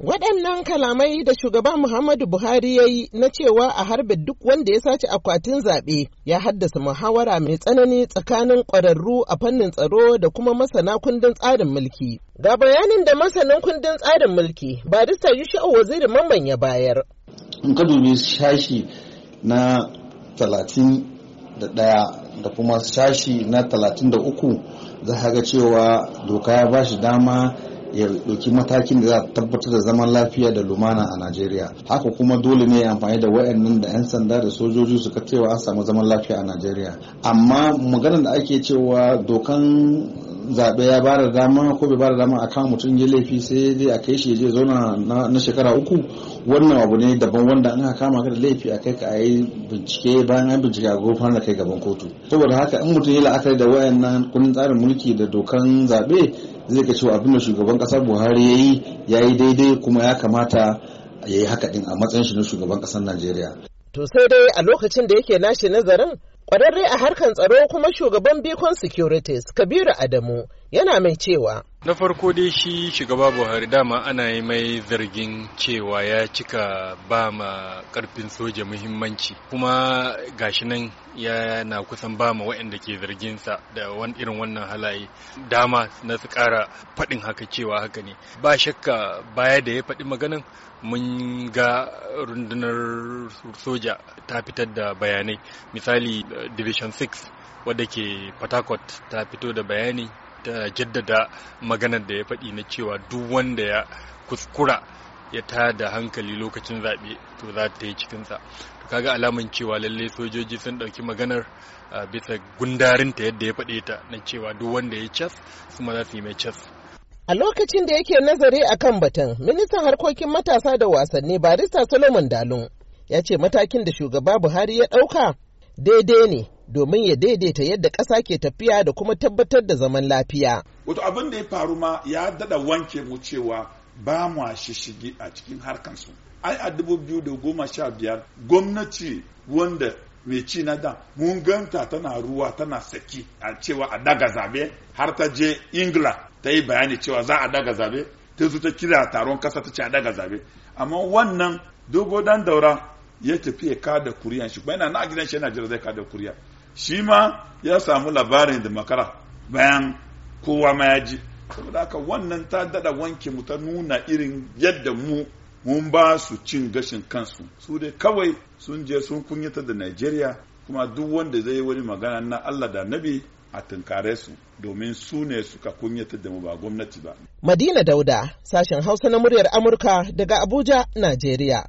Waɗannan kalamai da Shugaba Muhammadu Buhari ya yi na cewa a harbe duk wanda ya sace akwatin zaɓe ya haddasa muhawara mai tsanani tsakanin ƙwararru a fannin tsaro da kuma masana kundin tsarin mulki. Ga bayanin da masanin kundin tsarin mulki, barista sha'o Waziri Mamman ya bayar. In ka dubi shashi na talatin da ɗaya da kuma shashi na talatin da uku za ga cewa doka ya ba shi dama ya dauki matakin da za a tabbatar da zaman lafiya da lumana a Najeriya. Haka kuma dole ne ya amfani da wayannan da 'yan sanda da sojoji su cewa an samu zaman lafiya a Najeriya. Amma maganar da ake cewa dokan zaɓe ya bada dama ko bai bada dama a kan mutum ya laifi sai dai a kai shi ya je zauna na shekara uku wannan abu ne daban wanda an kama ka da laifi a kai ka a yi bincike bayan an bincike a gofar da kai gaban kotu saboda haka in mutum ya la'akari da wayannan kundin tsarin mulki da dokan zaɓe zai ka cewa abin da shugaban kasa buhari ya yi daidai kuma ya kamata ya yi haka din a matsayin shi na shugaban kasar najeriya to sai dai a lokacin da yake nashi nazarin kwararre a harkar tsaro kuma shugaban bikon securities kabiru adamu yana mai cewa na farko dai shi shiga shugaba hari, dama ana yi mai zargin cewa ya cika ba ma karfin soja muhimmanci kuma gashi nan yana kusan ba ma waɗanda ke zargin sa da wan irin wannan halaye dama na su ƙara faɗin haka cewa haka ne ba shakka baya da ya faɗi maganin mun ga rundunar soja ta fitar da bayanai misali division 6 wadda ke port harcourt ta fito da bayani jaddada maganar da ya faɗi na cewa duk wanda ya kuskura ya da hankali lokacin zaɓe to za ta yi cikinsa to kaga alaman cewa lallai sojoji sun ɗauki maganar bisa gundarinta yadda ya faɗe ta na cewa duk wanda ya cas su ma za su yi mai cas A lokacin da yake nazari a kan batun, ministan harkokin matasa da wasanni barista Solomon Dalun ya ce matakin da shugaba Buhari ya ɗauka daidai ne domin ya daidaita yadda ƙasa ke tafiya da kuma tabbatar da zaman lafiya. Wato abin da ya faru ma ya daɗa wanke mu cewa ba mu shishigi a cikin su. Ai a dubu biyu da goma sha biyar gwamnati wanda mai ci na da mun ganta tana ruwa tana saki a cewa a daga zabe har ta je ingila ta yi bayani cewa za a daga zabe ta zuta kira taron kasa ta ce a daga zabe amma wannan dogo dan daura ya tafi ya kada kuriyan shi bayan na gidan shi yana jira zai kada kuriya shi ma ya samu labarin da makara bayan kowa ma ya ji saboda haka wannan ta dada wanke mu ta nuna irin yadda mu mun ba su cin gashin kansu su dai kawai sun je sun kunyata da Najeriya kuma duk wanda zai wani magana na Allah da Nabi a tunkare su domin su ne suka kunyata da mu ba gwamnati ba. Madina Dauda, sashen Hausa na muryar Amurka daga Abuja, Najeriya.